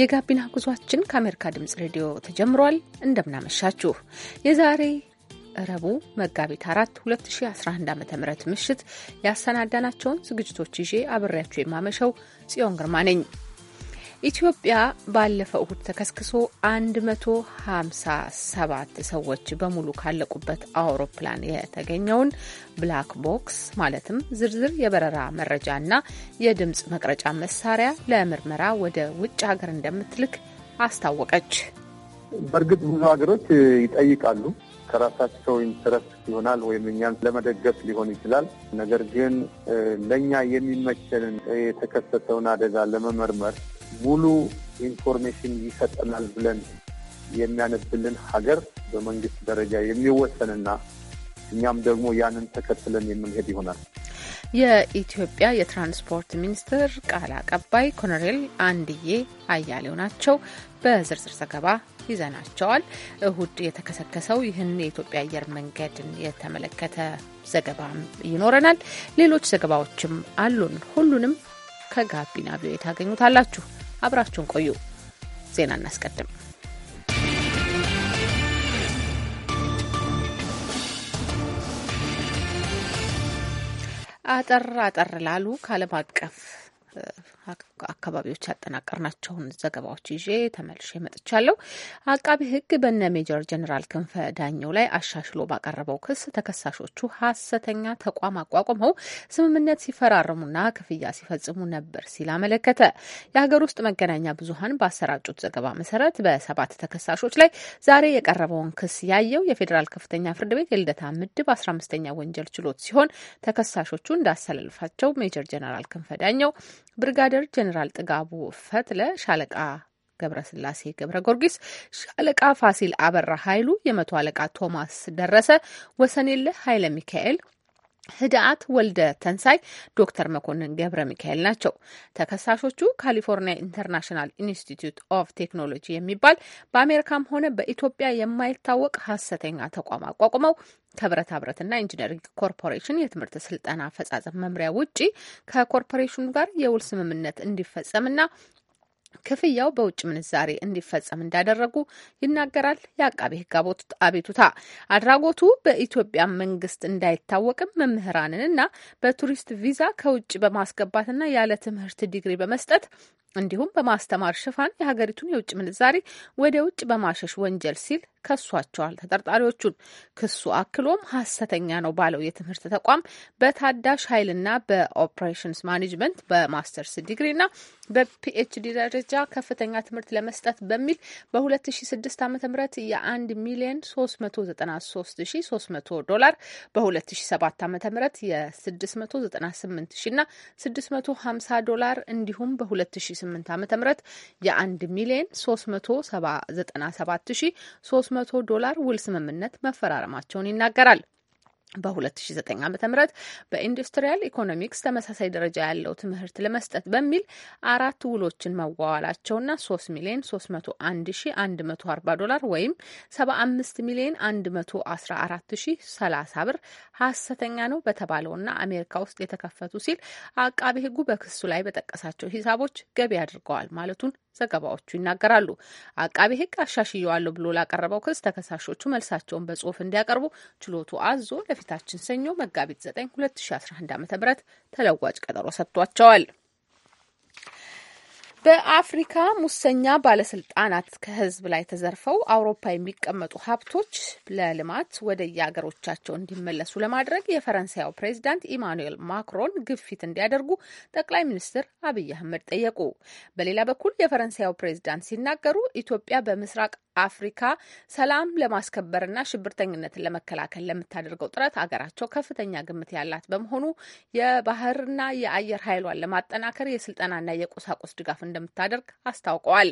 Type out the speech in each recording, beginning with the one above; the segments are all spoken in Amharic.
የጋቢና ጉዟችን ከአሜሪካ ድምጽ ሬዲዮ ተጀምሯል። እንደምናመሻችሁ የዛሬ እረቡ መጋቢት አራት 2011 ዓ ም ምሽት ያሰናዳናቸውን ዝግጅቶች ይዤ አብሬያችሁ የማመሸው ጽዮን ግርማ ነኝ። ኢትዮጵያ ባለፈው እሁድ ተከስክሶ 157 ሰዎች በሙሉ ካለቁበት አውሮፕላን የተገኘውን ብላክ ቦክስ ማለትም ዝርዝር የበረራ መረጃና የድምፅ መቅረጫ መሳሪያ ለምርመራ ወደ ውጭ ሀገር እንደምትልክ አስታወቀች። በእርግጥ ብዙ ሀገሮች ይጠይቃሉ። ከራሳቸው ኢንትረስት ይሆናል ወይም እኛን ለመደገፍ ሊሆን ይችላል። ነገር ግን ለእኛ የሚመቸንን የተከሰተውን አደጋ ለመመርመር ሙሉ ኢንፎርሜሽን ይሰጠናል ብለን የሚያነብልን ሀገር በመንግስት ደረጃ የሚወሰንና እኛም ደግሞ ያንን ተከትለን የምንሄድ ይሆናል። የኢትዮጵያ የትራንስፖርት ሚኒስትር ቃል አቀባይ ኮሎኔል አንድዬ አያሌው ናቸው። በዝርዝር ዘገባ ይዘናቸዋል። እሁድ የተከሰከሰው ይህን የኢትዮጵያ አየር መንገድን የተመለከተ ዘገባ ይኖረናል። ሌሎች ዘገባዎችም አሉን። ሁሉንም ከጋቢና ቪኦኤ ታገኙታላችሁ። አብራችሁን ቆዩ። ዜና እናስቀድም። አጠር አጠር ላሉ ከዓለም አቀፍ አካባቢዎች ያጠናቀርናቸውን ዘገባዎች ይዤ ተመልሼ መጥቻለሁ። አቃቢ ሕግ በነ ሜጀር ጀኔራል ክንፈ ዳኘው ላይ አሻሽሎ ባቀረበው ክስ ተከሳሾቹ ሀሰተኛ ተቋም አቋቁመው ስምምነት ሲፈራረሙና ክፍያ ሲፈጽሙ ነበር ሲል አመለከተ። የሀገር ውስጥ መገናኛ ብዙኃን ባሰራጩት ዘገባ መሰረት በሰባት ተከሳሾች ላይ ዛሬ የቀረበውን ክስ ያየው የፌዴራል ከፍተኛ ፍርድ ቤት የልደታ ምድብ አስራ አምስተኛ ወንጀል ችሎት ሲሆን ተከሳሾቹ እንዳሰላልፋቸው ሜጀር ጀኔራል ክንፈ ዳኘው ብርጋደር ጀኔራል ጥጋቡ ፈትለ፣ ሻለቃ ገብረስላሴ ገብረ ጊዮርጊስ፣ ሻለቃ ፋሲል አበራ ኃይሉ፣ የመቶ አለቃ ቶማስ ደረሰ፣ ወሰኔለ ኃይለ ሚካኤል፣ ህድአት ወልደ ተንሳይ ዶክተር መኮንን ገብረ ሚካኤል ናቸው። ተከሳሾቹ ካሊፎርኒያ ኢንተርናሽናል ኢንስቲትዩት ኦፍ ቴክኖሎጂ የሚባል በአሜሪካም ሆነ በኢትዮጵያ የማይታወቅ ሀሰተኛ ተቋም አቋቁመው ከብረታ ብረትና ኢንጂነሪንግ ኮርፖሬሽን የትምህርት ስልጠና አፈጻጸም መምሪያ ውጪ ከኮርፖሬሽኑ ጋር የውል ስምምነት እንዲፈጸምና ክፍያው በውጭ ምንዛሬ እንዲፈጸም እንዳደረጉ ይናገራል የአቃቤ ሕግ አቤቱታ። አድራጎቱ በኢትዮጵያ መንግስት እንዳይታወቅም መምህራንንና በቱሪስት ቪዛ ከውጭ በማስገባትና ያለ ትምህርት ዲግሪ በመስጠት እንዲሁም በማስተማር ሽፋን የሀገሪቱን የውጭ ምንዛሬ ወደ ውጭ በማሸሽ ወንጀል ሲል ከሷቸዋል ተጠርጣሪዎቹን። ክሱ አክሎም ሀሰተኛ ነው ባለው የትምህርት ተቋም በታዳሽ ኃይልና በኦፕሬሽንስ ማኔጅመንት በማስተርስ ዲግሪና በፒኤችዲ ደረጃ ከፍተኛ ትምህርት ለመስጠት በሚል በ2006 ዓ ም የ1 ሚሊዮን 393300 ዶላር በ2007 ዓ ም የ698 ና 650 ዶላር እንዲሁም በ 2018 ዓ ም የ1 ሚሊዮን 397 ሺ ዶላር ውል ስምምነት መፈራረማቸውን ይናገራል። በ2009 ዓ ም በኢንዱስትሪያል ኢኮኖሚክስ ተመሳሳይ ደረጃ ያለው ትምህርት ለመስጠት በሚል አራት ውሎችን መዋዋላቸውና 3 ሚሊዮን 301140 ዶላር ወይም 75 ሚሊዮን 11430 ብር ሀሰተኛ ነው በተባለውና አሜሪካ ውስጥ የተከፈቱ ሲል አቃቤ ሕጉ በክሱ ላይ በጠቀሳቸው ሂሳቦች ገቢ አድርገዋል ማለቱን ዘገባዎቹ ይናገራሉ። አቃቤ ሕግ አሻሽየዋለሁ ብሎ ላቀረበው ክስ ተከሳሾቹ መልሳቸውን በጽሁፍ እንዲያቀርቡ ችሎቱ አዞ ለፊታችን ሰኞ መጋቢት 9 2011 ዓ ም ተለዋጭ ቀጠሮ ሰጥቷቸዋል። በአፍሪካ ሙሰኛ ባለስልጣናት ከህዝብ ላይ ተዘርፈው አውሮፓ የሚቀመጡ ሀብቶች ለልማት ወደ የአገሮቻቸው እንዲመለሱ ለማድረግ የፈረንሳያው ፕሬዚዳንት ኢማኑኤል ማክሮን ግፊት እንዲያደርጉ ጠቅላይ ሚኒስትር አብይ አህመድ ጠየቁ። በሌላ በኩል የፈረንሳያው ፕሬዚዳንት ሲናገሩ ኢትዮጵያ በምስራቅ አፍሪካ ሰላም ለማስከበርና ሽብርተኝነትን ለመከላከል ለምታደርገው ጥረት አገራቸው ከፍተኛ ግምት ያላት በመሆኑ የባህርና የአየር ኃይሏን ለማጠናከር የስልጠናና የቁሳቁስ ድጋፍ እንደምታደርግ አስታውቀዋል።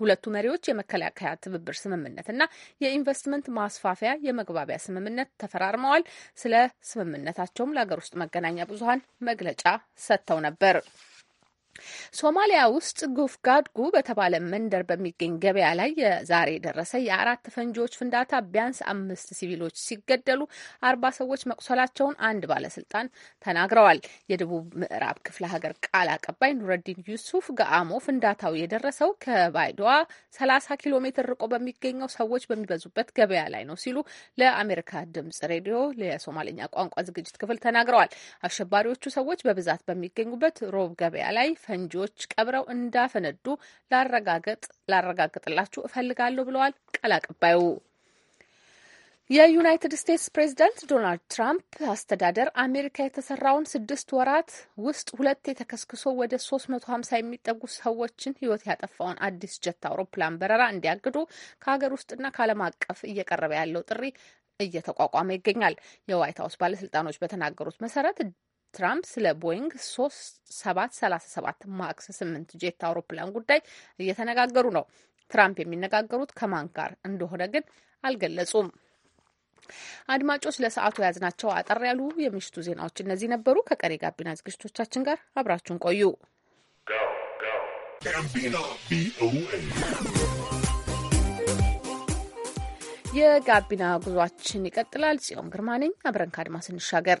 ሁለቱ መሪዎች የመከላከያ ትብብር ስምምነትና የኢንቨስትመንት ማስፋፊያ የመግባቢያ ስምምነት ተፈራርመዋል። ስለ ስምምነታቸውም ለሀገር ውስጥ መገናኛ ብዙኃን መግለጫ ሰጥተው ነበር። ሶማሊያ ውስጥ ጉፍ ጋድጉ በተባለ መንደር በሚገኝ ገበያ ላይ ዛሬ የደረሰ የአራት ፈንጂዎች ፍንዳታ ቢያንስ አምስት ሲቪሎች ሲገደሉ አርባ ሰዎች መቁሰላቸውን አንድ ባለስልጣን ተናግረዋል። የደቡብ ምዕራብ ክፍለ ሀገር ቃል አቀባይ ኑረዲን ዩሱፍ ገአሞ ፍንዳታው የደረሰው ከባይዶዋ ሰላሳ ኪሎ ሜትር ርቆ በሚገኘው ሰዎች በሚበዙበት ገበያ ላይ ነው ሲሉ ለአሜሪካ ድምጽ ሬዲዮ ለሶማሊኛ ቋንቋ ዝግጅት ክፍል ተናግረዋል። አሸባሪዎቹ ሰዎች በብዛት በሚገኙበት ሮብ ገበያ ላይ ፈንጂዎች ቀብረው እንዳፈነዱ ላረጋገጥ ላረጋግጥላችሁ እፈልጋለሁ ብለዋል ቃል አቀባዩ። የዩናይትድ ስቴትስ ፕሬዚዳንት ዶናልድ ትራምፕ አስተዳደር አሜሪካ የተሰራውን ስድስት ወራት ውስጥ ሁለት የተከስክሶ ወደ ሶስት መቶ ሀምሳ የሚጠጉ ሰዎችን ህይወት ያጠፋውን አዲስ ጀት አውሮፕላን በረራ እንዲያግዱ ከሀገር ውስጥና ከዓለም አቀፍ እየቀረበ ያለው ጥሪ እየተቋቋመ ይገኛል። የዋይት ሀውስ ባለስልጣኖች በተናገሩት መሰረት ትራምፕ ስለ ቦይንግ ሶስት ሰባት ሰላሳ ሰባት ማክስ ስምንት ጄት አውሮፕላን ጉዳይ እየተነጋገሩ ነው። ትራምፕ የሚነጋገሩት ከማን ጋር እንደሆነ ግን አልገለጹም። አድማጮች ለሰዓቱ የያዝናቸው አጠር ያሉ የምሽቱ ዜናዎች እነዚህ ነበሩ። ከቀሪ ጋቢና ዝግጅቶቻችን ጋር አብራችሁን ቆዩ። የጋቢና ጉዟችን ይቀጥላል። ጽዮን ግርማ ነኝ። አብረን ከአድማስ እንሻገር።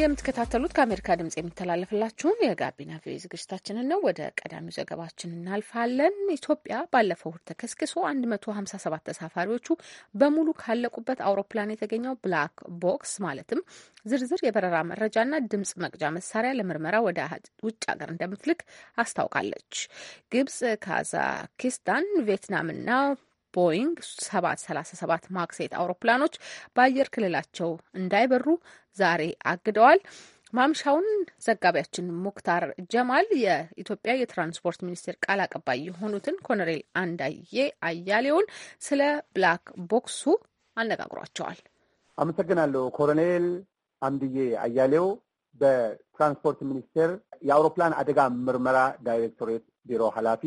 የምትከታተሉት ከአሜሪካ ድምጽ የሚተላለፍላችሁን የጋቢና ቪኦኤ ዝግጅታችንን ነው። ወደ ቀዳሚው ዘገባችን እናልፋለን። ኢትዮጵያ ባለፈው እሁድ ተከስክሶ 157 ተሳፋሪዎቹ በሙሉ ካለቁበት አውሮፕላን የተገኘው ብላክ ቦክስ ማለትም ዝርዝር የበረራ መረጃና ድምጽ መቅጃ መሳሪያ ለምርመራ ወደ ውጭ ሀገር እንደምትልክ አስታውቃለች። ግብጽ፣ ካዛኪስታን፣ ቪየትናምና ቦይንግ 737 ማክስ አውሮፕላኖች በአየር ክልላቸው እንዳይበሩ ዛሬ አግደዋል። ማምሻውን ዘጋቢያችን ሙክታር ጀማል የኢትዮጵያ የትራንስፖርት ሚኒስቴር ቃል አቀባይ የሆኑትን ኮሎኔል አንዳዬ አያሌውን ስለ ብላክ ቦክሱ አነጋግሯቸዋል። አመሰግናለሁ። ኮሎኔል አንድዬ አያሌው በትራንስፖርት ሚኒስቴር የአውሮፕላን አደጋ ምርመራ ዳይሬክቶሬት ቢሮ ኃላፊ።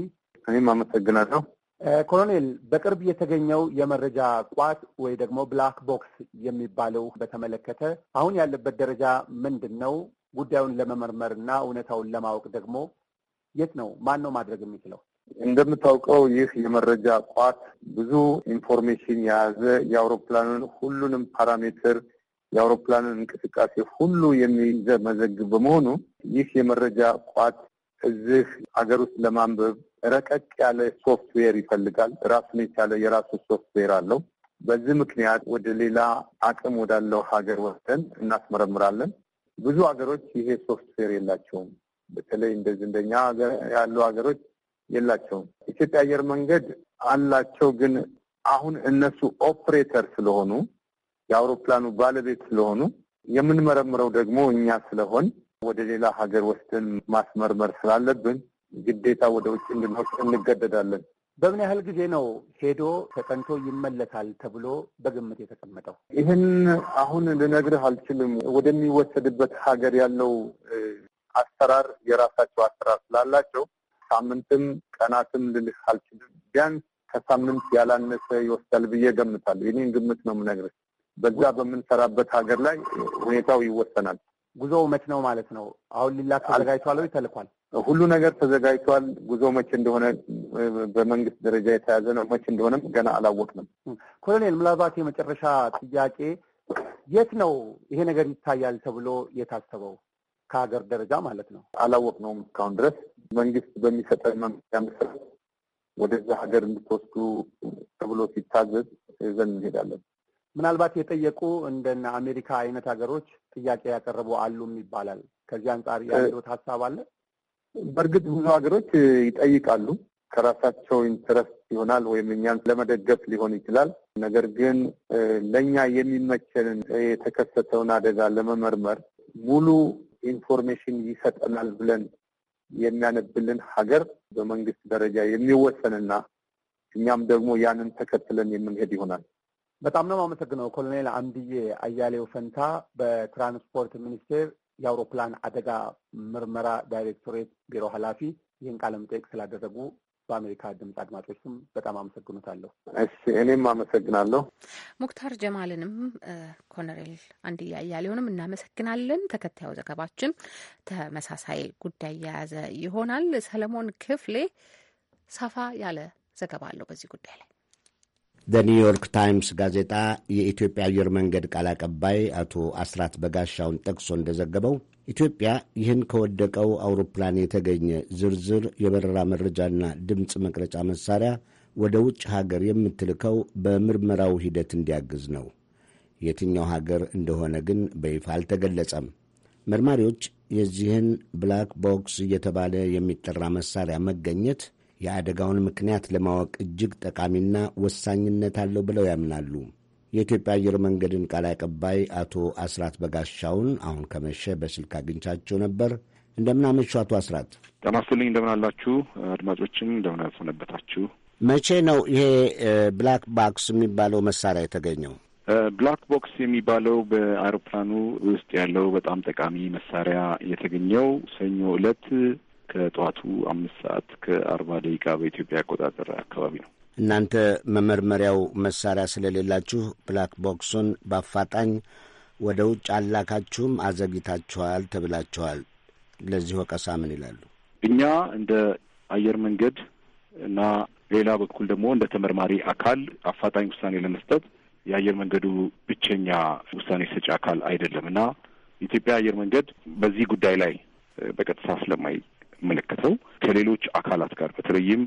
እኔም አመሰግናለሁ። ኮሎኔል በቅርብ የተገኘው የመረጃ ቋት ወይ ደግሞ ብላክ ቦክስ የሚባለው በተመለከተ አሁን ያለበት ደረጃ ምንድን ነው? ጉዳዩን ለመመርመር እውነታውን ለማወቅ ደግሞ የት ነው ማን ነው ማድረግ የሚችለው? እንደምታውቀው ይህ የመረጃ ቋት ብዙ ኢንፎርሜሽን የያዘ የአውሮፕላኑን ሁሉንም ፓራሜትር የአውሮፕላኑን እንቅስቃሴ ሁሉ የሚመዘግብ በመሆኑ ይህ የመረጃ ቋት እዚህ ሀገር ውስጥ ለማንበብ ረቀቅ ያለ ሶፍትዌር ይፈልጋል። ራሱን የቻለ የራሱ ሶፍትዌር አለው። በዚህ ምክንያት ወደ ሌላ አቅም ወዳለው ሀገር ወስደን እናስመረምራለን። ብዙ ሀገሮች ይሄ ሶፍትዌር የላቸውም። በተለይ እንደዚህ እንደኛ ያሉ ሀገሮች የላቸውም። ኢትዮጵያ አየር መንገድ አላቸው፣ ግን አሁን እነሱ ኦፕሬተር ስለሆኑ የአውሮፕላኑ ባለቤት ስለሆኑ የምንመረምረው ደግሞ እኛ ስለሆን ወደ ሌላ ሀገር ወስደን ማስመርመር ስላለብን ግዴታ ወደ ውጭ እንድንወቅ እንገደዳለን። በምን ያህል ጊዜ ነው ሄዶ ተጠንቶ ይመለሳል ተብሎ በግምት የተቀመጠው? ይህን አሁን ልነግርህ አልችልም። ወደሚወሰድበት ሀገር ያለው አሰራር የራሳቸው አሰራር ስላላቸው ሳምንትም ቀናትም ልልህ አልችልም። ቢያንስ ከሳምንት ያላነሰ ይወስዳል ብዬ ገምታለሁ። የኔን ግምት ነው የምነግርህ። በዛ በምንሰራበት ሀገር ላይ ሁኔታው ይወሰናል። ጉዞው መች ነው ማለት ነው? አሁን ሊላክ ተዘጋጅቷል ወይ ተልኳል? ሁሉ ነገር ተዘጋጅቷል። ጉዞ መቼ እንደሆነ በመንግስት ደረጃ የተያዘ ነው። መቼ እንደሆነም ገና አላወቅንም። ኮሎኔል፣ ምናልባት የመጨረሻ ጥያቄ የት ነው ይሄ ነገር ይታያል ተብሎ የታሰበው? ከሀገር ደረጃ ማለት ነው። አላወቅነውም እስካሁን ድረስ መንግስት በሚሰጠ መመሪያ መሰረት ወደዛ ሀገር እንድትወስዱ ተብሎ ሲታዘዝ ይዘን እንሄዳለን። ምናልባት የጠየቁ እንደነ አሜሪካ አይነት ሀገሮች ጥያቄ ያቀረቡ አሉም ይባላል። ከዚህ አንጻር ያለት ሀሳብ አለ በእርግጥ ብዙ ሀገሮች ይጠይቃሉ። ከራሳቸው ኢንትረስት ይሆናል ወይም እኛን ለመደገፍ ሊሆን ይችላል። ነገር ግን ለእኛ የሚመቸንን የተከሰተውን አደጋ ለመመርመር ሙሉ ኢንፎርሜሽን ይሰጠናል ብለን የሚያነብልን ሀገር በመንግስት ደረጃ የሚወሰንና እኛም ደግሞ ያንን ተከትለን የምንሄድ ይሆናል። በጣም ነው የማመሰግነው ኮሎኔል አምድዬ አያሌው ፈንታ በትራንስፖርት ሚኒስቴር የአውሮፕላን አደጋ ምርመራ ዳይሬክቶሬት ቢሮ ኃላፊ ይህን ቃለ መጠይቅ ስላደረጉ በአሜሪካ ድምፅ አድማጮች ስም በጣም አመሰግኑታለሁ። እሺ እኔም አመሰግናለሁ። ሙክታር ጀማልንም ኮሎኔል አንድያ እያሌውንም እናመሰግናለን። ተከታዩ ዘገባችን ተመሳሳይ ጉዳይ የያዘ ይሆናል። ሰለሞን ክፍሌ ሰፋ ያለ ዘገባ አለው በዚህ ጉዳይ ላይ ኒውዮርክ ታይምስ ጋዜጣ የኢትዮጵያ አየር መንገድ ቃል አቀባይ አቶ አስራት በጋሻውን ጠቅሶ እንደዘገበው ኢትዮጵያ ይህን ከወደቀው አውሮፕላን የተገኘ ዝርዝር የበረራ መረጃና ድምፅ መቅረጫ መሳሪያ ወደ ውጭ ሀገር የምትልከው በምርመራው ሂደት እንዲያግዝ ነው። የትኛው ሀገር እንደሆነ ግን በይፋ አልተገለጸም። መርማሪዎች የዚህን ብላክ ቦክስ እየተባለ የሚጠራ መሳሪያ መገኘት የአደጋውን ምክንያት ለማወቅ እጅግ ጠቃሚና ወሳኝነት አለው ብለው ያምናሉ። የኢትዮጵያ አየር መንገድን ቃል አቀባይ አቶ አስራት በጋሻውን አሁን ከመሸ በስልክ አግኝቻቸው ነበር። እንደምናመሹ አቶ አስራት ጠናስልኝ። እንደምን አላችሁ አድማጮችም እንደምን ያሰነበታችሁ። መቼ ነው ይሄ ብላክ ባክስ የሚባለው መሳሪያ የተገኘው? ብላክ ቦክስ የሚባለው በአይሮፕላኑ ውስጥ ያለው በጣም ጠቃሚ መሳሪያ የተገኘው ሰኞ ዕለት ከጠዋቱ አምስት ሰዓት ከአርባ ደቂቃ በኢትዮጵያ አቆጣጠር አካባቢ ነው። እናንተ መመርመሪያው መሳሪያ ስለሌላችሁ ብላክ ቦክሱን በአፋጣኝ ወደ ውጭ አላካችሁም፣ አዘግይታችኋል ተብላችኋል። ለዚህ ወቀሳ ምን ይላሉ? እኛ እንደ አየር መንገድ እና ሌላ በኩል ደግሞ እንደ ተመርማሪ አካል አፋጣኝ ውሳኔ ለመስጠት የአየር መንገዱ ብቸኛ ውሳኔ ሰጪ አካል አይደለም እና የኢትዮጵያ አየር መንገድ በዚህ ጉዳይ ላይ በቀጥታ ስለማይ የምመለከተው ከሌሎች አካላት ጋር በተለይም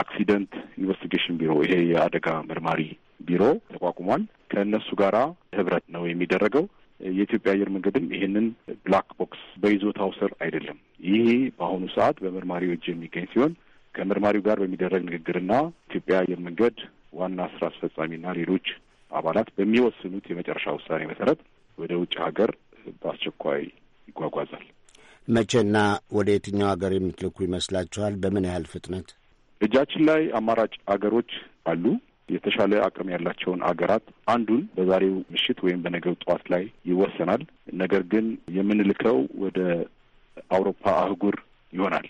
አክሲደንት ኢንቨስቲጌሽን ቢሮ ይሄ የአደጋ መርማሪ ቢሮ ተቋቁሟል። ከእነሱ ጋር ህብረት ነው የሚደረገው። የኢትዮጵያ አየር መንገድም ይህንን ብላክ ቦክስ በይዞታው ስር አይደለም። ይሄ በአሁኑ ሰዓት በመርማሪው እጅ የሚገኝ ሲሆን ከመርማሪው ጋር በሚደረግ ንግግርና ኢትዮጵያ አየር መንገድ ዋና ስራ አስፈጻሚና ሌሎች አባላት በሚወስኑት የመጨረሻ ውሳኔ መሰረት ወደ ውጭ ሀገር በአስቸኳይ ይጓጓዛል። መቼና ወደ የትኛው ሀገር የምትልኩ ይመስላችኋል? በምን ያህል ፍጥነት? እጃችን ላይ አማራጭ አገሮች አሉ። የተሻለ አቅም ያላቸውን አገራት አንዱን በዛሬው ምሽት ወይም በነገው ጠዋት ላይ ይወሰናል። ነገር ግን የምንልከው ወደ አውሮፓ አህጉር ይሆናል።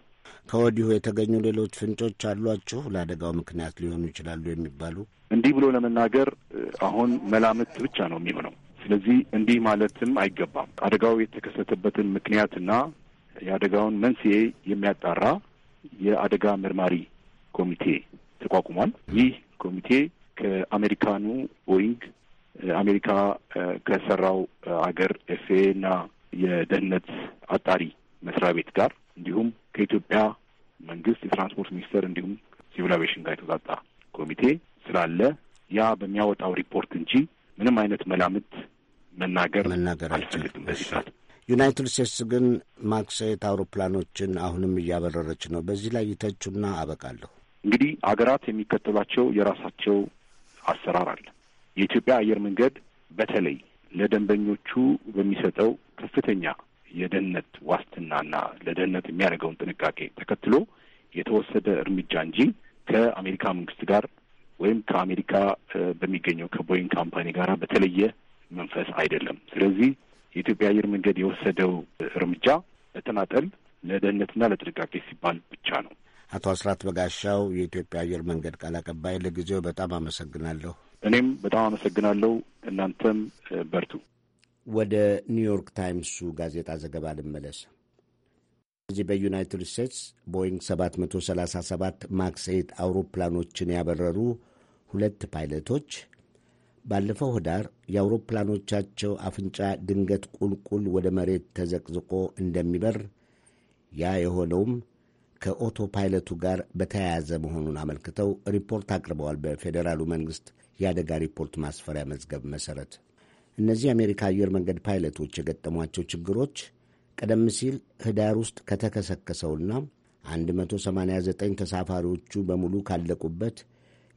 ከወዲሁ የተገኙ ሌሎች ፍንጮች አሏችሁ ለአደጋው ምክንያት ሊሆኑ ይችላሉ የሚባሉ? እንዲህ ብሎ ለመናገር አሁን መላምት ብቻ ነው የሚሆነው። ስለዚህ እንዲህ ማለትም አይገባም። አደጋው የተከሰተበትን ምክንያትና የአደጋውን መንስኤ የሚያጣራ የአደጋ መርማሪ ኮሚቴ ተቋቁሟል። ይህ ኮሚቴ ከአሜሪካኑ ቦይንግ አሜሪካ ከሰራው አገር ኤፍኤ እና የደህንነት አጣሪ መስሪያ ቤት ጋር እንዲሁም ከኢትዮጵያ መንግስት የትራንስፖርት ሚኒስቴር እንዲሁም ሲቪል አቪዬሽን ጋር የተውጣጣ ኮሚቴ ስላለ ያ በሚያወጣው ሪፖርት እንጂ ምንም አይነት መላምት መናገር አልፈልግም በዚህ ሰዓት። ዩናይትድ ስቴትስ ግን ማክሰየት አውሮፕላኖችን አሁንም እያበረረች ነው። በዚህ ላይ ይተቹና አበቃለሁ። እንግዲህ አገራት የሚከተሏቸው የራሳቸው አሰራር አለ። የኢትዮጵያ አየር መንገድ በተለይ ለደንበኞቹ በሚሰጠው ከፍተኛ የደህንነት ዋስትናና ለደህንነት የሚያደርገውን ጥንቃቄ ተከትሎ የተወሰደ እርምጃ እንጂ ከአሜሪካ መንግስት ጋር ወይም ከአሜሪካ በሚገኘው ከቦይንግ ካምፓኒ ጋር በተለየ መንፈስ አይደለም። ስለዚህ የኢትዮጵያ አየር መንገድ የወሰደው እርምጃ ለተናጠል ለደህንነትና ለጥንቃቄ ሲባል ብቻ ነው። አቶ አስራት በጋሻው የኢትዮጵያ አየር መንገድ ቃል አቀባይ፣ ለጊዜው በጣም አመሰግናለሁ። እኔም በጣም አመሰግናለሁ። እናንተም በርቱ። ወደ ኒውዮርክ ታይምሱ ጋዜጣ ዘገባ ልመለስ። እዚህ በዩናይትድ ስቴትስ ቦይንግ 737 ማክስ አውሮፕላኖችን ያበረሩ ሁለት ፓይለቶች ባለፈው ህዳር የአውሮፕላኖቻቸው አፍንጫ ድንገት ቁልቁል ወደ መሬት ተዘቅዝቆ እንደሚበር ያ የሆነውም ከኦቶ ፓይለቱ ጋር በተያያዘ መሆኑን አመልክተው ሪፖርት አቅርበዋል። በፌዴራሉ መንግሥት የአደጋ ሪፖርት ማስፈሪያ መዝገብ መሠረት እነዚህ የአሜሪካ አየር መንገድ ፓይለቶች የገጠሟቸው ችግሮች ቀደም ሲል ህዳር ውስጥ ከተከሰከሰውና 189 ተሳፋሪዎቹ በሙሉ ካለቁበት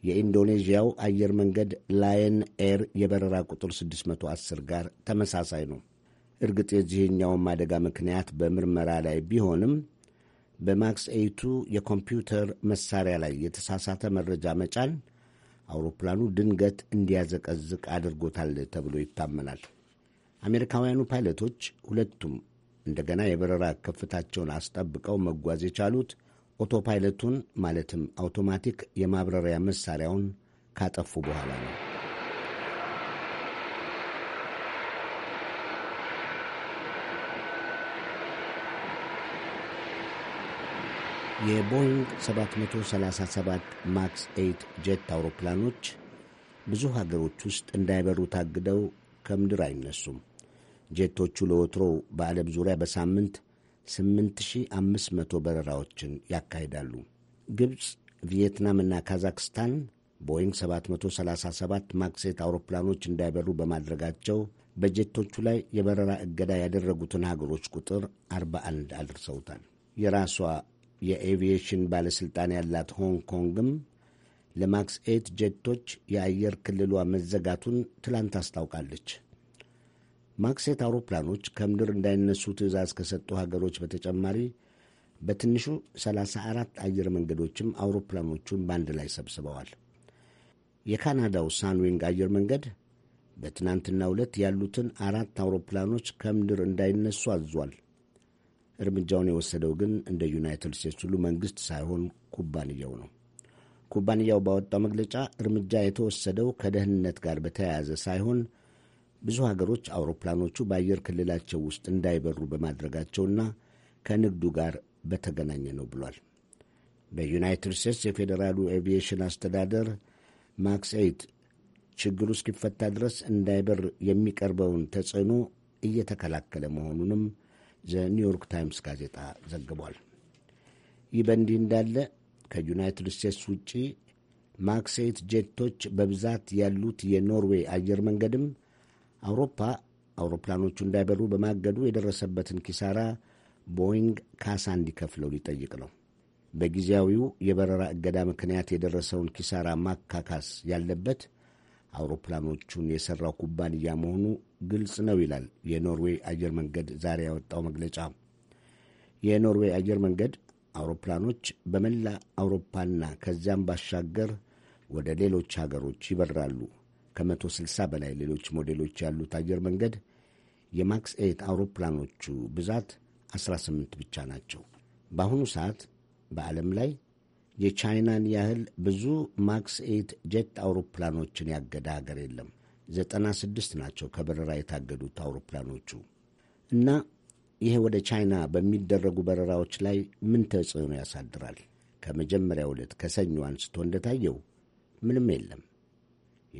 የኢንዶኔዥያው አየር መንገድ ላየን ኤር የበረራ ቁጥር 610 ጋር ተመሳሳይ ነው። እርግጥ የዚህኛውም አደጋ ምክንያት በምርመራ ላይ ቢሆንም በማክስ ኤይቱ የኮምፒውተር መሳሪያ ላይ የተሳሳተ መረጃ መጫን አውሮፕላኑ ድንገት እንዲያዘቀዝቅ አድርጎታል ተብሎ ይታመናል። አሜሪካውያኑ ፓይለቶች ሁለቱም እንደገና የበረራ ከፍታቸውን አስጠብቀው መጓዝ የቻሉት ኦቶፓይለቱን ማለትም አውቶማቲክ የማብረሪያ መሳሪያውን ካጠፉ በኋላ ነው። የቦይንግ 737 ማክስ 8 ጄት አውሮፕላኖች ብዙ ሀገሮች ውስጥ እንዳይበሩ ታግደው ከምድር አይነሱም። ጄቶቹ ለወትሮው በዓለም ዙሪያ በሳምንት 8500 በረራዎችን ያካሂዳሉ። ግብፅ፣ እና ካዛክስታን ቦይንግ 737 ማክሴት አውሮፕላኖች እንዳይበሩ በማድረጋቸው በጀቶቹ ላይ የበረራ እገዳ ያደረጉትን ሀገሮች ቁጥር 41 አድርሰውታል። የራሷ የኤቪዬሽን ባለሥልጣን ያላት ሆንግ ኮንግም ለማክስ ኤት ጀቶች የአየር ክልሏ መዘጋቱን ትላንት አስታውቃለች። ማክሴት አውሮፕላኖች ከምድር እንዳይነሱ ትዕዛዝ ከሰጡ ሀገሮች በተጨማሪ በትንሹ 34 አየር መንገዶችም አውሮፕላኖቹን በአንድ ላይ ሰብስበዋል። የካናዳው ሳንዊንግ አየር መንገድ በትናንትና ዕለት ያሉትን አራት አውሮፕላኖች ከምድር እንዳይነሱ አዟል። እርምጃውን የወሰደው ግን እንደ ዩናይትድ ስቴትስ ሁሉ መንግሥት ሳይሆን ኩባንያው ነው። ኩባንያው ባወጣው መግለጫ እርምጃ የተወሰደው ከደህንነት ጋር በተያያዘ ሳይሆን ብዙ ሀገሮች አውሮፕላኖቹ በአየር ክልላቸው ውስጥ እንዳይበሩ በማድረጋቸውና ከንግዱ ጋር በተገናኘ ነው ብሏል። በዩናይትድ ስቴትስ የፌዴራሉ ኤቪዬሽን አስተዳደር ማክስ ኤይት ችግሩ እስኪፈታ ድረስ እንዳይበር የሚቀርበውን ተጽዕኖ እየተከላከለ መሆኑንም ኒውዮርክ ታይምስ ጋዜጣ ዘግቧል። ይህ በእንዲህ እንዳለ ከዩናይትድ ስቴትስ ውጪ ማክስ ኤይት ጄቶች በብዛት ያሉት የኖርዌይ አየር መንገድም አውሮፓ አውሮፕላኖቹ እንዳይበሩ በማገዱ የደረሰበትን ኪሳራ ቦይንግ ካሳ እንዲከፍለው ሊጠይቅ ነው። በጊዜያዊው የበረራ እገዳ ምክንያት የደረሰውን ኪሳራ ማካካስ ያለበት አውሮፕላኖቹን የሠራው ኩባንያ መሆኑ ግልጽ ነው ይላል የኖርዌይ አየር መንገድ ዛሬ ያወጣው መግለጫ። የኖርዌይ አየር መንገድ አውሮፕላኖች በመላ አውሮፓና ከዚያም ባሻገር ወደ ሌሎች ሀገሮች ይበራሉ። ከ160 በላይ ሌሎች ሞዴሎች ያሉት አየር መንገድ የማክስ ኤት አውሮፕላኖቹ ብዛት 18 ብቻ ናቸው። በአሁኑ ሰዓት በዓለም ላይ የቻይናን ያህል ብዙ ማክስ ኤት ጄት አውሮፕላኖችን ያገደ ሀገር የለም። 96 ናቸው ከበረራ የታገዱት አውሮፕላኖቹ እና ይሄ ወደ ቻይና በሚደረጉ በረራዎች ላይ ምን ተጽዕኖ ያሳድራል? ከመጀመሪያው ዕለት ከሰኞ አንስቶ እንደታየው ምንም የለም።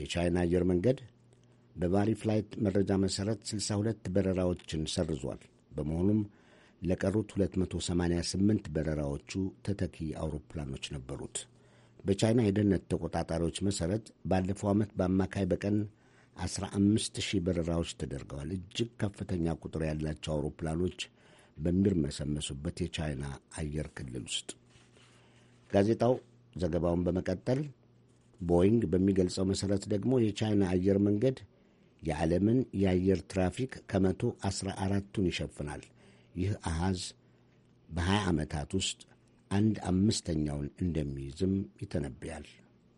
የቻይና አየር መንገድ በባሪ ፍላይት መረጃ መሠረት 62 በረራዎችን ሰርዟል። በመሆኑም ለቀሩት 288 በረራዎቹ ተተኪ አውሮፕላኖች ነበሩት። በቻይና የደህንነት ተቆጣጣሪዎች መሠረት ባለፈው ዓመት በአማካይ በቀን 15,000 በረራዎች ተደርገዋል። እጅግ ከፍተኛ ቁጥር ያላቸው አውሮፕላኖች በሚርመሰመሱበት የቻይና አየር ክልል ውስጥ ጋዜጣው ዘገባውን በመቀጠል ቦይንግ በሚገልጸው መሠረት ደግሞ የቻይና አየር መንገድ የዓለምን የአየር ትራፊክ ከመቶ 14 አራቱን ይሸፍናል። ይህ አሃዝ በ20 ዓመታት ውስጥ አንድ አምስተኛውን እንደሚይዝም ይተነብያል።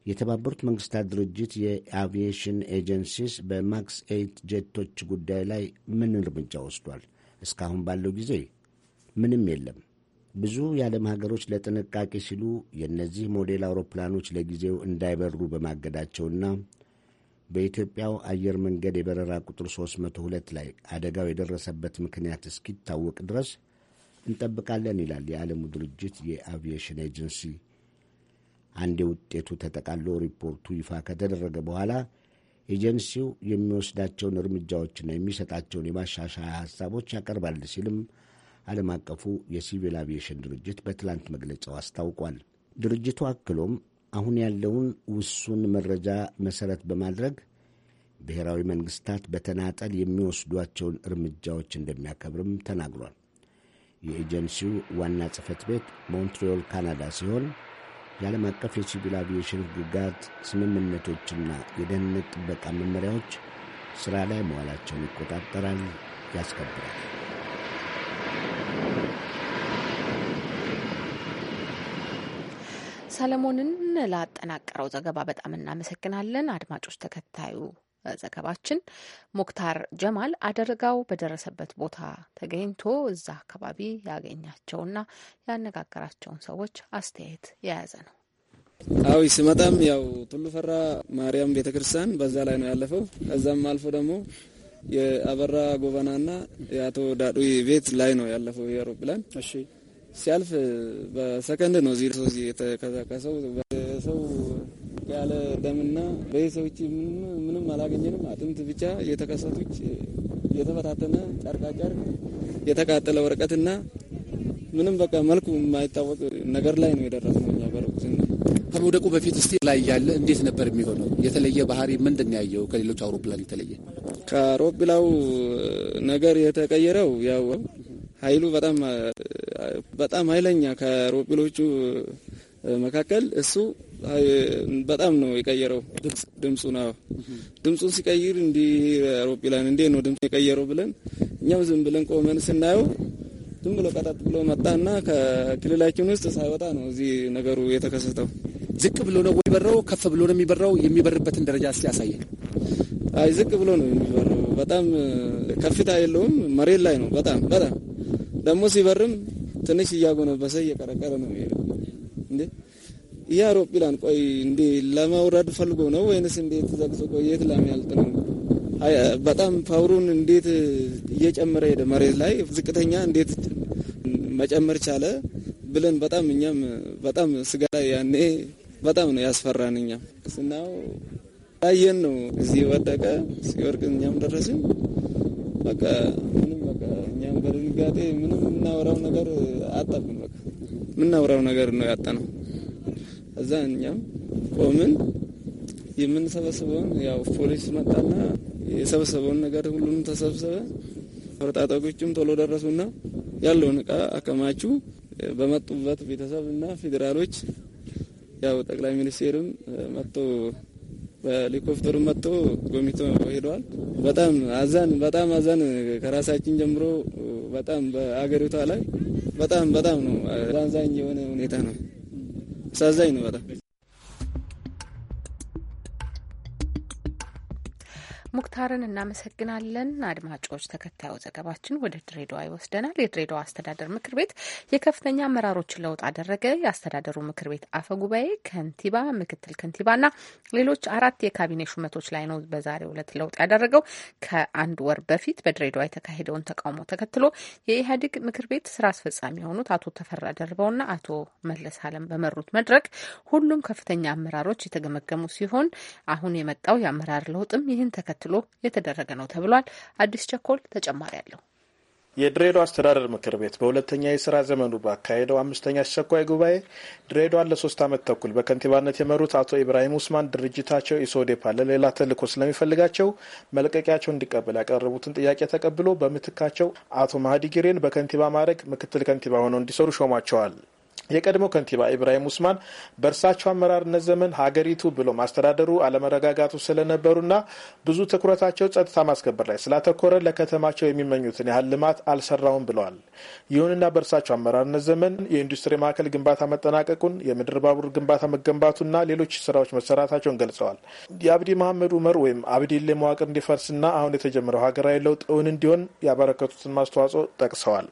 የተባበሩት መንግሥታት ድርጅት የአቪዬሽን ኤጀንሲስ በማክስ ኤይት ጄቶች ጉዳይ ላይ ምን እርምጃ ወስዷል? እስካሁን ባለው ጊዜ ምንም የለም። ብዙ የዓለም ሀገሮች ለጥንቃቄ ሲሉ የእነዚህ ሞዴል አውሮፕላኖች ለጊዜው እንዳይበሩ በማገዳቸውና በኢትዮጵያው አየር መንገድ የበረራ ቁጥር 302 ላይ አደጋው የደረሰበት ምክንያት እስኪታወቅ ድረስ እንጠብቃለን ይላል የዓለሙ ድርጅት የአቪዬሽን ኤጀንሲ። አንድ የውጤቱ ተጠቃሎ ሪፖርቱ ይፋ ከተደረገ በኋላ ኤጀንሲው የሚወስዳቸውን እርምጃዎችና የሚሰጣቸውን የማሻሻያ ሀሳቦች ያቀርባል ሲልም ዓለም አቀፉ የሲቪል አቪዬሽን ድርጅት በትላንት መግለጫው አስታውቋል። ድርጅቱ አክሎም አሁን ያለውን ውሱን መረጃ መሠረት በማድረግ ብሔራዊ መንግስታት በተናጠል የሚወስዷቸውን እርምጃዎች እንደሚያከብርም ተናግሯል። የኤጀንሲው ዋና ጽሕፈት ቤት ሞንትሪዮል ካናዳ ሲሆን የዓለም አቀፍ የሲቪል አቪዬሽን ሕግጋት፣ ስምምነቶችና የደህንነት ጥበቃ መመሪያዎች ሥራ ላይ መዋላቸውን ይቆጣጠራል፣ ያስከብራል። ሰለሞንን ላጠናቀረው ዘገባ በጣም እናመሰግናለን። አድማጮች፣ ተከታዩ ዘገባችን ሙክታር ጀማል አደረጋው በደረሰበት ቦታ ተገኝቶ እዛ አካባቢ ያገኛቸውና ያነጋገራቸውን ሰዎች አስተያየት የያዘ ነው። አዊ ስመጣም ያው ቱሉ ፈራ ማርያም ቤተክርስቲያን በዛ ላይ ነው ያለፈው። ከዛም አልፎ ደግሞ የአበራ ጎበናና የአቶ ዳዱ ቤት ላይ ነው ያለፈው ይሄ እሺ ሲያልፍ በሰከንድ ነው ዜሮ ሰው የተከሰከሰው። በሰው ያለ ደምና በሰው ምንም አላገኘንም። አጥንት ብቻ የተከሰቱች የተበታተነ ጨርቃጨርቅ፣ የተቃጠለ ወረቀትና ምንም በቃ መልኩ የማይታወቅ ነገር ላይ ነው የደረስነው እኛ በረቁስና ከመውደቁ በፊት እስቲ ላይ ያለ እንዴት ነበር የሚሆነው? የተለየ ባህሪ ምንድን ያየው ከሌሎች አውሮፕላን የተለየ? ከአውሮፕላው ነገር የተቀየረው ያው ኃይሉ በጣም በጣም ኃይለኛ ከሮቢሎቹ መካከል እሱ በጣም ነው የቀየረው ድምፁ ነው ድምፁን ሲቀይር እንዲህ ሮቢላን እንዴ ነው ድምፁ የቀየረው ብለን እኛም ዝም ብለን ቆመን ስናየው ዝም ብሎ ቀጠጥ ብሎ መጣና ከክልላችን ውስጥ ሳይወጣ ነው እዚህ ነገሩ የተከሰተው። ዝቅ ብሎ ነው የሚበረው? ከፍ ብሎ ነው የሚበረው? የሚበርበትን ደረጃ ሲያሳየን፣ አይ ዝቅ ብሎ ነው የሚበረው። በጣም ከፍታ የለውም መሬት ላይ ነው። በጣም በጣም ደግሞ ሲበርም ትንሽ እያጎነበሰ እየቀረቀረ ነው የሚሄደው። እንዴ ይህ አውሮፕላን ቆይ እንዴ ለመውረድ ፈልጎ ነው ወይንስ እንዴት ዘቅዝቆ የት ለሚያልጥ ነው? በጣም ፓውሩን እንዴት እየጨመረ ሄደ? መሬት ላይ ዝቅተኛ እንዴት መጨመር ቻለ ብለን በጣም እኛም በጣም ስጋ ያኔ በጣም ነው ያስፈራን። እኛም ስናው ያየን ነው እዚህ ወደቀ ሲወርቅ እኛም ደረስን በቃ ድንጋጤ ምንም የምናወራው ነገር አጣብም። በቃ የምናወራው ነገር ነው ያጣነው። እዛ እኛም ቆምን። የምንሰበስበውን ያው ፖሊስ መጣና የሰበሰበውን ነገር ሁሉንም ተሰብሰበ። ፈርጣጣቂዎችም ቶሎ ደረሱና ያለውን እቃ አከማቹ። በመጡበት ቤተሰብና ፌዴራሎች ያው ጠቅላይ ሚኒስቴርም መጥቶ በሄሊኮፕተሩ መጥቶ ጎሚቶ ሄደዋል። በጣም አዛን በጣም አዛን ከራሳችን ጀምሮ በጣም በአገሪቷ ላይ በጣም በጣም ነው አሳዛኝ የሆነ ሁኔታ ነው። አሳዛኝ ነው በጣም ሙክታርን እናመሰግናለን። አድማጮች፣ ተከታዩ ዘገባችን ወደ ድሬዳዋ ይወስደናል። የድሬዳዋ አስተዳደር ምክር ቤት የከፍተኛ አመራሮችን ለውጥ አደረገ። የአስተዳደሩ ምክር ቤት አፈ ጉባኤ፣ ከንቲባ፣ ምክትል ከንቲባና ሌሎች አራት የካቢኔ ሹመቶች ላይ ነው በዛሬው ዕለት ለውጥ ያደረገው። ከአንድ ወር በፊት በድሬዳዋ የተካሄደውን ተቃውሞ ተከትሎ የኢህአዴግ ምክር ቤት ስራ አስፈጻሚ የሆኑት አቶ ተፈራ ደርበውና አቶ መለስ አለም በመሩት መድረክ ሁሉም ከፍተኛ አመራሮች የተገመገሙ ሲሆን አሁን የመጣው የአመራር ለውጥም ይህን ተከትሎ ተከትሎ የተደረገ ነው ተብሏል። አዲስ ቸኮል ተጨማሪ አለው። የድሬዳዋ አስተዳደር ምክር ቤት በሁለተኛ የስራ ዘመኑ ባካሄደው አምስተኛ አስቸኳይ ጉባኤ ድሬዳዋን ለሶስት ዓመት ተኩል በከንቲባነት የመሩት አቶ ኢብራሂም ውስማን ድርጅታቸው ኢሶዴፓ ለሌላ ተልዕኮ ስለሚፈልጋቸው መልቀቂያቸው እንዲቀበል ያቀረቡትን ጥያቄ ተቀብሎ በምትካቸው አቶ ማህዲ ጊሬን በከንቲባ ማድረግ ምክትል ከንቲባ ሆነው እንዲሰሩ ሾሟቸዋል። የቀድሞ ከንቲባ ኢብራሂም ኡስማን በእርሳቸው አመራርነት ዘመን ሀገሪቱ ብሎ ማስተዳደሩ አለመረጋጋቱ ስለነበሩና ብዙ ትኩረታቸው ጸጥታ ማስከበር ላይ ስላተኮረ ለከተማቸው የሚመኙትን ያህል ልማት አልሰራውም ብለዋል። ይሁንና በእርሳቸው አመራርነት ዘመን የኢንዱስትሪ ማዕከል ግንባታ መጠናቀቁን፣ የምድር ባቡር ግንባታ መገንባቱና ሌሎች ስራዎች መሰራታቸውን ገልጸዋል። የአብዲ መሐመድ ኡመር ወይም አብዲሌ መዋቅር እንዲፈርስና አሁን የተጀመረው ሀገራዊ ለውጥ እውን እንዲሆን ያበረከቱትን ማስተዋጽኦ ጠቅሰዋል።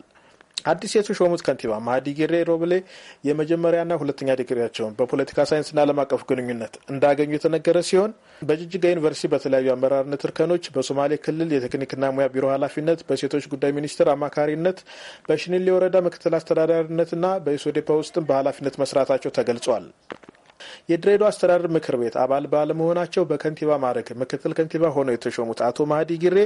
አዲስ የተሾሙት ከንቲባ ማህዲ ጊሬ ሮብሌ የመጀመሪያና ሁለተኛ ዲግሪያቸውን በፖለቲካ ሳይንስና ዓለም አቀፍ ግንኙነት እንዳገኙ የተነገረ ሲሆን በጅጅጋ ዩኒቨርሲቲ በተለያዩ አመራርነት እርከኖች በሶማሌ ክልል የቴክኒክና ሙያ ቢሮ ኃላፊነት፣ በሴቶች ጉዳይ ሚኒስቴር አማካሪነት፣ በሽንሌ ወረዳ ምክትል አስተዳዳሪነትና በኢሶዴፓ ውስጥም በኃላፊነት መስራታቸው ተገልጿል። የድሬዳዋ አስተዳደር ምክር ቤት አባል ባለመሆናቸው በከንቲባ ማዕረግ ምክትል ከንቲባ ሆነው የተሾሙት አቶ ማህዲ ጊሬ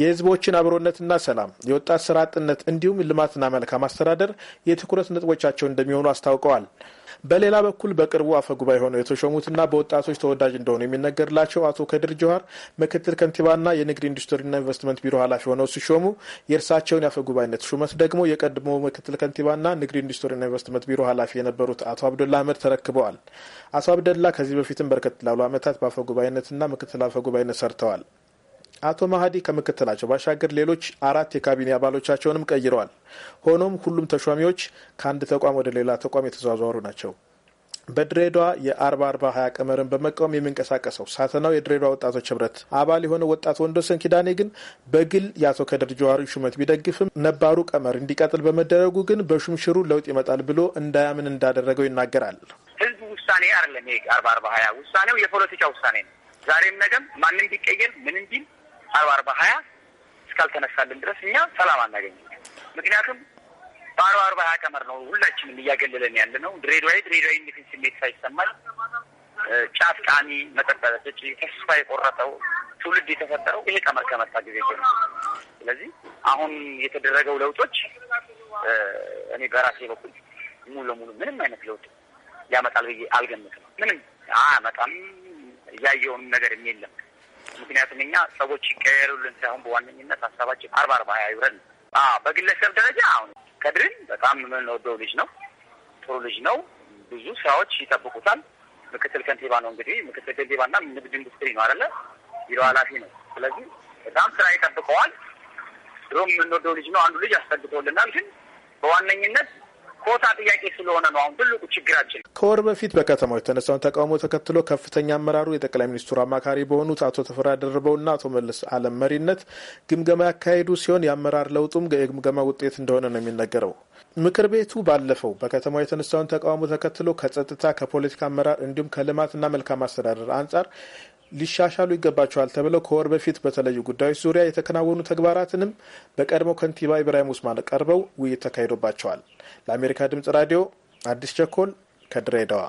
የህዝቦችን አብሮነትና ሰላም፣ የወጣት ስራ አጥነት እንዲሁም ልማትና መልካም አስተዳደር የትኩረት ነጥቦቻቸው እንደሚሆኑ አስታውቀዋል። በሌላ በኩል በቅርቡ አፈጉባኤ ሆነው የተሾሙትና በወጣቶች ተወዳጅ እንደሆኑ የሚነገርላቸው አቶ ከድር ጀዋር ምክትል ከንቲባና የንግድ ኢንዱስትሪና ኢንቨስትመንት ቢሮ ኃላፊ ሆነው ሲሾሙ የእርሳቸውን የአፈጉባኤነት ሹመት ደግሞ የቀድሞ ምክትል ከንቲባና ንግድ ኢንዱስትሪና ኢንቨስትመንት ቢሮ ኃላፊ የነበሩት አቶ አብዱላ አህመድ ተረክበዋል። አቶ አብደላ ከዚህ በፊትም በርከት ላሉ ዓመታት በአፈጉባኤነትና ምክትል አፈጉባኤነት ሰርተዋል። አቶ ማሀዲ ከምክትላቸው ባሻገር ሌሎች አራት የካቢኔ አባሎቻቸውንም ቀይረዋል። ሆኖም ሁሉም ተሿሚዎች ከአንድ ተቋም ወደ ሌላ ተቋም የተዘዋወሩ ናቸው። በድሬዳዋ የአርባ አርባ ሀያ ቀመርን በመቃወም የሚንቀሳቀሰው ሳተናው የድሬዳዋ ወጣቶች ህብረት አባል የሆነ ወጣት ወንዶሰን ኪዳኔ ግን በግል የአቶ ከድር ጀዋሪ ሹመት ቢደግፍም ነባሩ ቀመር እንዲቀጥል በመደረጉ ግን በሹምሽሩ ለውጥ ይመጣል ብሎ እንዳያምን እንዳደረገው ይናገራል። ህዝቡ ውሳኔ አይደለም ይሄ አርባ አርባ ሀያ ውሳኔው የፖለቲካ ውሳኔ ነው። ዛሬም ነገም ማንም ቢቀየር ምን እንዲል አርባ አርባ ሀያ እስካልተነሳልን ድረስ እኛ ሰላም አናገኝም። ምክንያቱም በአርባ አርባ ሀያ ቀመር ነው ሁላችንም እያገለለን ያለ ነው። ድሬዳዋ ድሬዳዋ የሚትን ስሜት ሳይሰማል ጫት ቃሚ፣ መጠጥ ጠጪ፣ ተስፋ የቆረጠው ትውልድ የተፈጠረው ይሄ ቀመር ከመጣ ጊዜ ነው። ስለዚህ አሁን የተደረገው ለውጦች እኔ በራሴ በኩል ሙሉ ለሙሉ ምንም አይነት ለውጥ ያመጣል ብዬ አልገምትም። ምንም አያመጣም። ያየውንም ነገር የለም። ምክንያቱም እኛ ሰዎች ይቀየሩልን ሳይሆን በዋነኝነት ሀሳባችን አርባ አርባ ሀያ በግለሰብ ደረጃ አሁን ከድርን በጣም የምንወደው ልጅ ነው። ጥሩ ልጅ ነው። ብዙ ስራዎች ይጠብቁታል። ምክትል ከንቲባ ነው እንግዲህ ምክትል ከንቲባ ከንቲባና ንግድ ኢንዱስትሪ ነው አይደለ? ቢሮ ኃላፊ ነው። ስለዚህ በጣም ስራ ይጠብቀዋል። ድሮም የምንወደው ልጅ ነው። አንዱ ልጅ አስጠግጦልናል። ግን በዋነኝነት ኮታ ጥያቄ ስለሆነ ነው አሁን ትልቁ ችግራችን። ከወር በፊት በከተማው የተነሳውን ተቃውሞ ተከትሎ ከፍተኛ አመራሩ የጠቅላይ ሚኒስትሩ አማካሪ በሆኑት አቶ ተፈራ ደርበውና አቶ መለስ አለም መሪነት ግምገማ ያካሄዱ ሲሆን የአመራር ለውጡም የግምገማ ውጤት እንደሆነ ነው የሚነገረው። ምክር ቤቱ ባለፈው በከተማ የተነሳውን ተቃውሞ ተከትሎ ከጸጥታ ከፖለቲካ አመራር እንዲሁም ከልማትና መልካም አስተዳደር አንጻር ሊሻሻሉ ይገባቸዋል ተብለው ከወር በፊት በተለዩ ጉዳዮች ዙሪያ የተከናወኑ ተግባራትንም በቀድሞ ከንቲባ ኢብራሂም ውስማን ቀርበው ውይይት ተካሂዶባቸዋል። ለአሜሪካ ድምጽ ራዲዮ አዲስ ቸኮል ከድሬዳዋ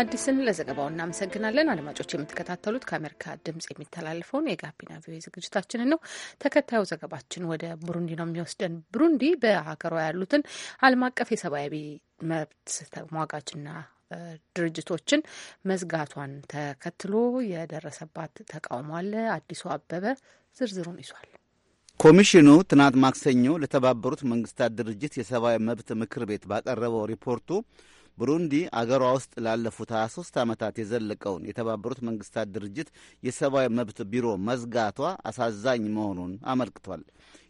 አዲስን ለዘገባው እናመሰግናለን። አድማጮች የምትከታተሉት ከአሜሪካ ድምጽ የሚተላለፈውን የጋቢና ቪኦኤ ዝግጅታችንን ነው። ተከታዩ ዘገባችን ወደ ቡሩንዲ ነው የሚወስደን። ቡሩንዲ በሀገሯ ያሉትን ዓለም አቀፍ የሰብአዊ መብት ተሟጋችና ድርጅቶችን መዝጋቷን ተከትሎ የደረሰባት ተቃውሞ አለ። አዲሱ አበበ ዝርዝሩን ይዟል። ኮሚሽኑ ትናንት ማክሰኞ ለተባበሩት መንግስታት ድርጅት የሰብአዊ መብት ምክር ቤት ባቀረበው ሪፖርቱ ብሩንዲ አገሯ ውስጥ ላለፉት 23 ዓመታት የዘለቀውን የተባበሩት መንግስታት ድርጅት የሰብአዊ መብት ቢሮ መዝጋቷ አሳዛኝ መሆኑን አመልክቷል።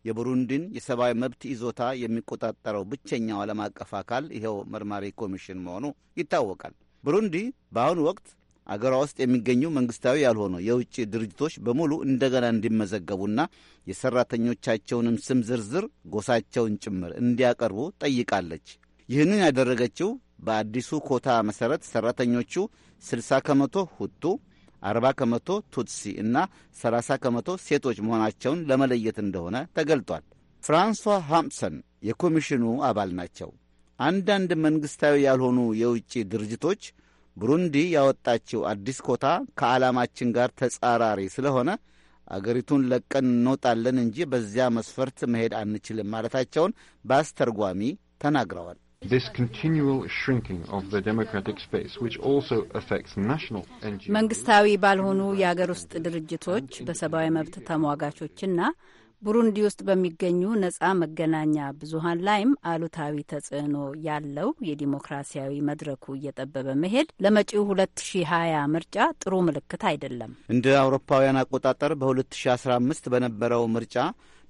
የቡሩንዲን የሰብአዊ መብት ይዞታ የሚቆጣጠረው ብቸኛው ዓለም አቀፍ አካል ይኸው መርማሪ ኮሚሽን መሆኑ ይታወቃል። ቡሩንዲ በአሁኑ ወቅት አገሯ ውስጥ የሚገኙ መንግስታዊ ያልሆኑ የውጭ ድርጅቶች በሙሉ እንደገና እንዲመዘገቡና የሰራተኞቻቸውንም ስም ዝርዝር፣ ጎሳቸውን ጭምር እንዲያቀርቡ ጠይቃለች። ይህንን ያደረገችው በአዲሱ ኮታ መሠረት ሠራተኞቹ 60 ከመቶ ሁቱ፣ 40 ከመቶ ቱትሲ እና 30 ከመቶ ሴቶች መሆናቸውን ለመለየት እንደሆነ ተገልጧል። ፍራንሷ ሃምፕሰን የኮሚሽኑ አባል ናቸው። አንዳንድ መንግሥታዊ ያልሆኑ የውጭ ድርጅቶች ብሩንዲ ያወጣችው አዲስ ኮታ ከዓላማችን ጋር ተጻራሪ ስለሆነ አገሪቱን ለቀን እንወጣለን እንጂ በዚያ መስፈርት መሄድ አንችልም ማለታቸውን በአስተርጓሚ ተናግረዋል። መንግስታዊ ባልሆኑ የአገር ውስጥ ድርጅቶች በሰብአዊ መብት ተሟጋቾችና ቡሩንዲ ውስጥ በሚገኙ ነጻ መገናኛ ብዙሀን ላይም አሉታዊ ተጽዕኖ ያለው የዲሞክራሲያዊ መድረኩ እየጠበበ መሄድ ለመጪው 2020 ምርጫ ጥሩ ምልክት አይደለም። እንደ አውሮፓውያን አቆጣጠር በ2015 በነበረው ምርጫ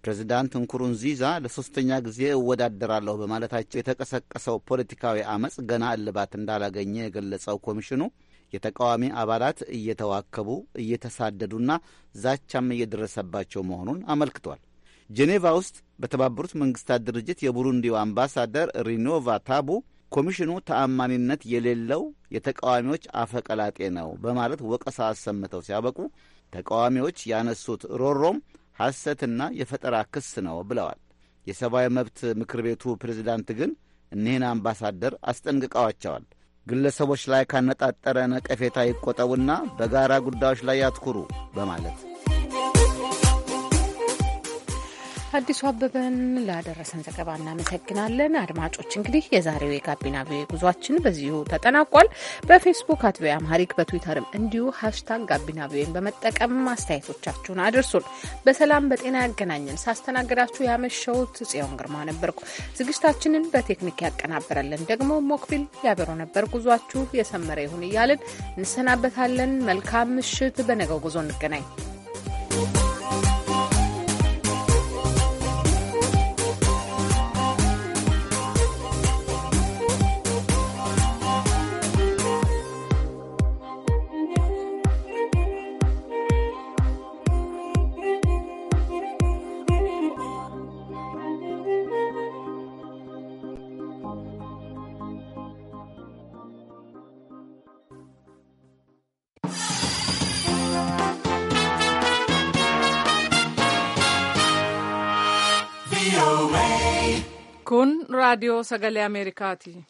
ፕሬዚዳንት እንኩሩንዚዛ ለሶስተኛ ጊዜ እወዳደራለሁ በማለታቸው የተቀሰቀሰው ፖለቲካዊ አመፅ ገና እልባት እንዳላገኘ የገለጸው ኮሚሽኑ የተቃዋሚ አባላት እየተዋከቡ እየተሳደዱና ዛቻም እየደረሰባቸው መሆኑን አመልክቷል። ጄኔቫ ውስጥ በተባበሩት መንግስታት ድርጅት የቡሩንዲው አምባሳደር ሪኖቫ ታቡ ኮሚሽኑ ተአማኒነት የሌለው የተቃዋሚዎች አፈቀላጤ ነው በማለት ወቀሳ አሰምተው ሲያበቁ ተቃዋሚዎች ያነሱት ሮሮም ሐሰትና የፈጠራ ክስ ነው ብለዋል። የሰብአዊ መብት ምክር ቤቱ ፕሬዚዳንት ግን እኒህን አምባሳደር አስጠንቅቀዋቸዋል። ግለሰቦች ላይ ካነጣጠረ ነቀፌታ ይቆጠቡና በጋራ ጉዳዮች ላይ ያትኩሩ በማለት አዲሱ አበበን ላደረሰን ዘገባ እናመሰግናለን። አድማጮች እንግዲህ የዛሬው የጋቢና ቪ ጉዟችን በዚሁ ተጠናቋል። በፌስቡክ አት ቪ አምሃሪክ በትዊተርም እንዲሁ ሀሽታግ ጋቢና ቪን በመጠቀም አስተያየቶቻችሁን አድርሱን። በሰላም በጤና ያገናኘን። ሳስተናግዳችሁ ያመሸውት ጽዮን ግርማ ነበርኩ። ዝግጅታችንን በቴክኒክ ያቀናበረልን ደግሞ ሞክቢል ያበሮ ነበር። ጉዟችሁ የሰመረ ይሁን እያልን እንሰናበታለን። መልካም ምሽት። በነገው ጉዞ እንገናኝ። Radio Sagalee Ameerikaati.